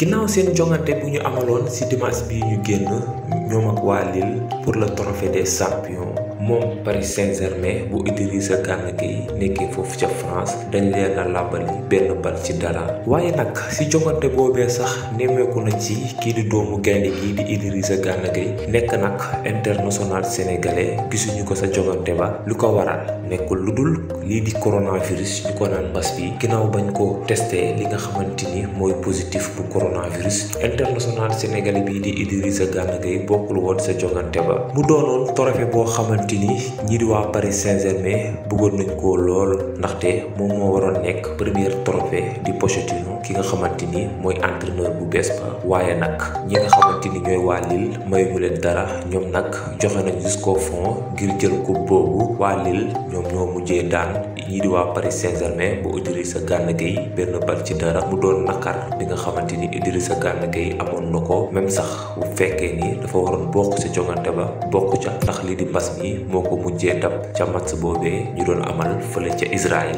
ginnaaw seen jongante bu ñu amaloon ci dimanche bi ñu génn ñoom ak waa pour le trophée des champions moom Paris Saint-Germain bu Idrissa Gana Gueye nekkee foofu ca France dañ leen a làbbali benn bal ci dara waaye nag si jongante boobee sax nemmeeku na ci kii di doomu gaynde gii di Idrissa Gana Gueye nekk nag international sénégalais gisuñu ko sa jongante ba lu ko waral nekkul lu dul lii di coronavirus ñu ko naan mbas bi ginnaaw bañ koo testé li nga xamante ni mooy positif bu coronavirus international sénégalais bii di Idrissa Gana Gueye bokkul woon sa jongante ba mu xamante ni di waa pare Saint-Germain bëggoon nañ ko lool ndaxte moom moo waroon nekk première trophée di Pochettino ki nga xamante ni mooy entraîneur bu bees ba waaye nag ñi nga xamante ni ñooy waa Lille mayuñu leen dara ñoom nag joxe nañ jusqu'au fond ngir jël coupe boobu waa Lille ñoom ñoo mujjee daan ñii di waa Paris Saint-Germain bu sa Gana Gueye benn bal ci dara mu doon naqar bi nga xamante ni Idrissa Gana Gueye amoon na ko même sax bu fekkee ni dafa waroon bokk ci jongante ba bokk ca ndax li di mbas mi moo ko mujjee dab ca match boobee ñu doon amal fële ca Israël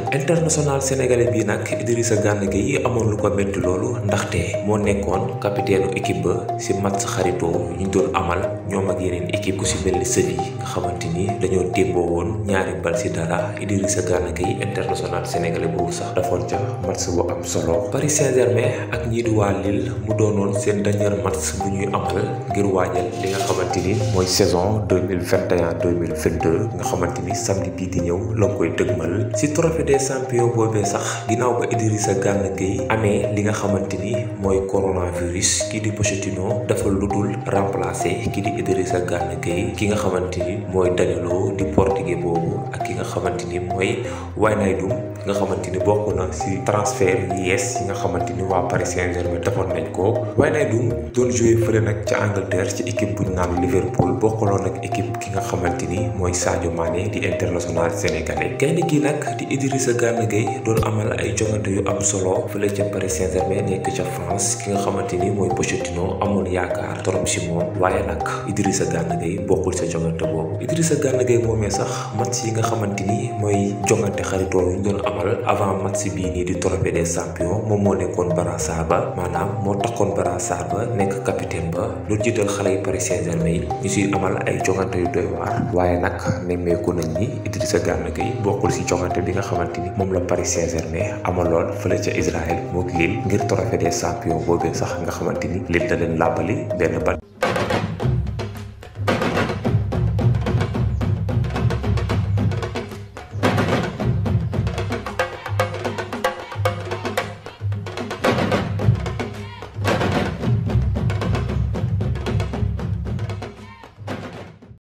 lu ko métti moo nekkoon capitaine équipe ba si match xaritoo yu ñu doon amal ñoom ak yeneen équipe ku si mel ni sëñ yi nga xamante ni dañoo témboo woon ñaari bal si dara Idrissa Gana Gueye international sénégalais boobu sax dafoon ca match bu am solo Paris Saint-Germain ak ñii di waa Lille mu doonoon seen dernier match bu ñuy amal ngir waajal li nga xamante ni mooy saison 2021 2022 nga xamante ni samedi bii di ñëw la koy dëgmal si trophée des champions boobee sax ginnaaw ba Idrissa Gana Gueye amee li nga xamante ni mooy coronavirus kii di Pochettino dafa lu dul remplacer kii di Idrissa Gana Gueye ki nga xamante ni mooy Danilo di portugais boobu ak ki nga xamante ni mooy Wijnaldum nga xamante ni bokk na si transfert yi yees yi nga xamante ni waa Paris Saint-Germain defoon nañ ko Wijnaldum doon joué fële nag ca Angleterre ci équipe bu ñu naan Liverpool bokkaloon nag équipe ki nga xamante ni mooy Sadio Mané di international sénégalais kenn kii nag di Idrissa Gana Gueye doon amal ay jongante yu am solo fële ca Paris Saint-Germain nekk ca France ki nga xamante ni mooy Pochettino amoon yaakaar torop si moom waaye nag Idrissa Gana sa jogante boobu Idrissa Gana Gueye moomee yi nga xamante ni mooy jogante xaritoo yu ñu doon amal avant match bii nii di trophée des moo nekkoon brassard ba maanaam moo takkoon brassard ba nekk capitaine ba lu jiital xale yi Paris Saint-Germain yu doy waar waaye nag nemmeeku nañ ni Idrissa Gana Gueye bokkul si jogante bi nga xamante ni moom la Paris Saint-Germain amaloon fële ca Israël ak Lille ngir trophée des champions boobee sax nga xamante ni Lille da leen làbbali benn bal